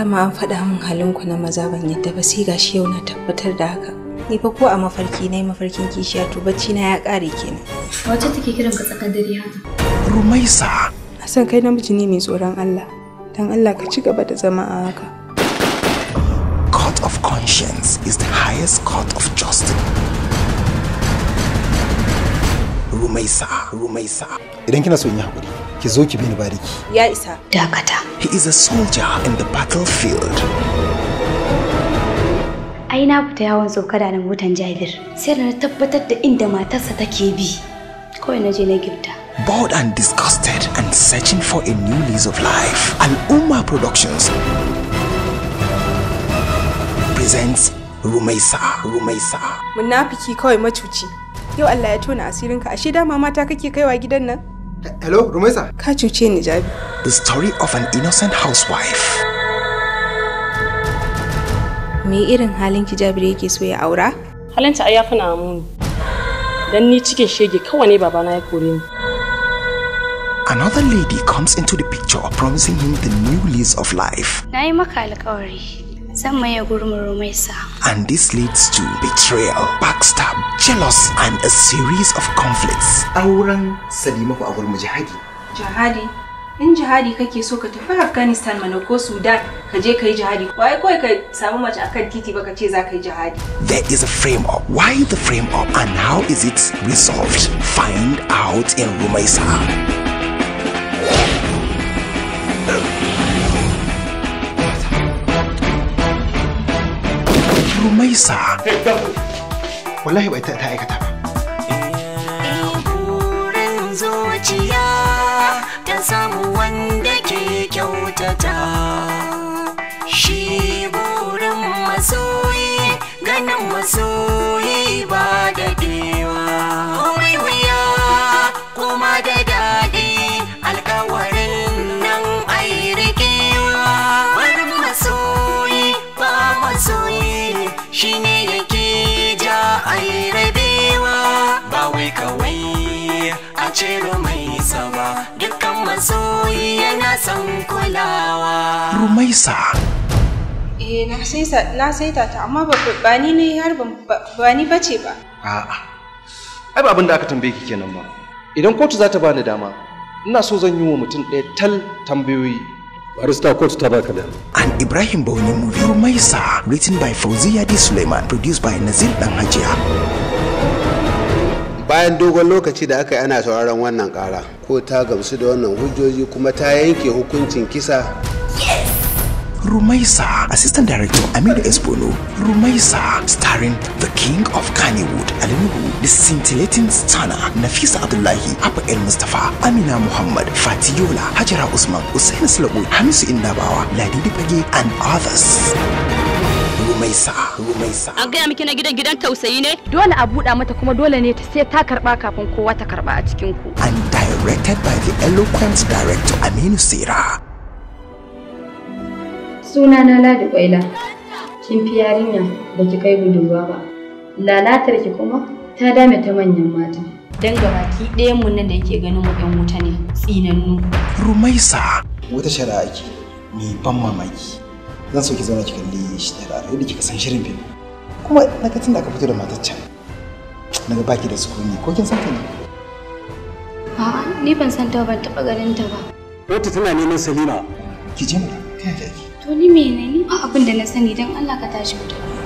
dama an faɗa min halinku na maza ban yadda ba sai gashi yau na tabbatar da haka ni fa ko a mafarki na mafarkin kishiya to bacci na ya ƙare kenan wace take kiran ka tsakan dare haka rumaisa a san kai namiji ne mai tsoron Allah dan Allah ka ci gaba da zama a haka court of conscience is the highest court of justice rumaisa rumaisa idan kina so in yi haƙuri ki zo ki bin bariki ya isa dakata he is a soldier in the battlefield ai na fita yawon da nan wutan Jabir sai na tabbatar da inda matarsa take bi kawai na je na gifta bored and disgusted and searching for a new lease of life al'umma productions presents rumaisa rumaisa munafiki kawai macuci yau Allah ya tona asirinka ashe dama mata kake kaiwa gidan nan Hello, Rumaisa? Ka cuce ni Jabi. The story of an innocent housewife. Me irin halin ki yake so ya aura? Halinta ai yafi na muni. Dan ni cikin shege kawai ne babana ya kore ni. Another lady comes into the picture promising him the new lease of life. Na yi maka alkawari. And this leads to betrayal, backstab, jealousy, and a series of conflicts. Auren Salima ko wurin jihadi. Jihadi? In jihadi kake so ka tafi Afghanistan mana ko Sudan ka je ka jihadi. Waye ka samu mace akan titi ba ka ce za ka yi jihadi. There is a frame up. Why the frame up and how is it resolved? Find out in Rumaisa. Maisa. Wallahi bai ta aikata ba. zuciya ta samu wanda ke kyautata shi burin masoyi ganin masoyi san kulawa. Rumaisa. Eh na saita na saita ta amma ba ba ni ne har ba ni bace ba. A'a. Ai ba abin da aka tambaye ki kenan ba. Idan kotu za ta ni dama ina so zan yi wa mutum ɗaya tal tambayoyi. Barista kotu ta baka da. An Ibrahim Bauni Movie Rumaisa written by Fauziya D. Suleiman produced by Nazir Dan Hajiya. bayan dogon lokaci da aka yi ana sauraron wannan kara ko ta gamsu da wannan hujjoji kuma ta yanke hukuncin kisa Rumaisa, Assistant Director Aminu Esbolo Rumaisa, starring the King of Kannywood, Alimugu, the scintillating stunner, Nafisa Abdullahi, Abba El Mustafa, Amina Muhammad, Fatiola, Hajara Usman, Usain Slobu, Hamisu Indabawa, Ladidi Pagi, and others. rumaisa rumaisa an gaya miki na gidan gidan tausayi ne dole a buɗa mata kuma dole ne ta sai ta karɓa kafin kowa ta karɓa a cikin ku and directed by the eloquent director Aminu Sira suna na Ladi Kwaila kin fi yarinya da ki kai budurwa ba lalatar ki kuma ta dame ta manyan mata dan gabaki ɗayan mu nan da yake ganin mu ɗan wuta ne tsinannu rumaisa wata shari'a ke ni ban mamaki zan soke zama zauna ki kalli shi da rara da kika san shirin fim kuma na ga tun da aka fito da matar na ga baki da sukuni ko kin san ta ne a'a ni ban san ta ban taba ganin ta ba wata tana neman salima ki je mu kai ki to ni menene ba abin da na sani dan Allah ka tashi mu tafi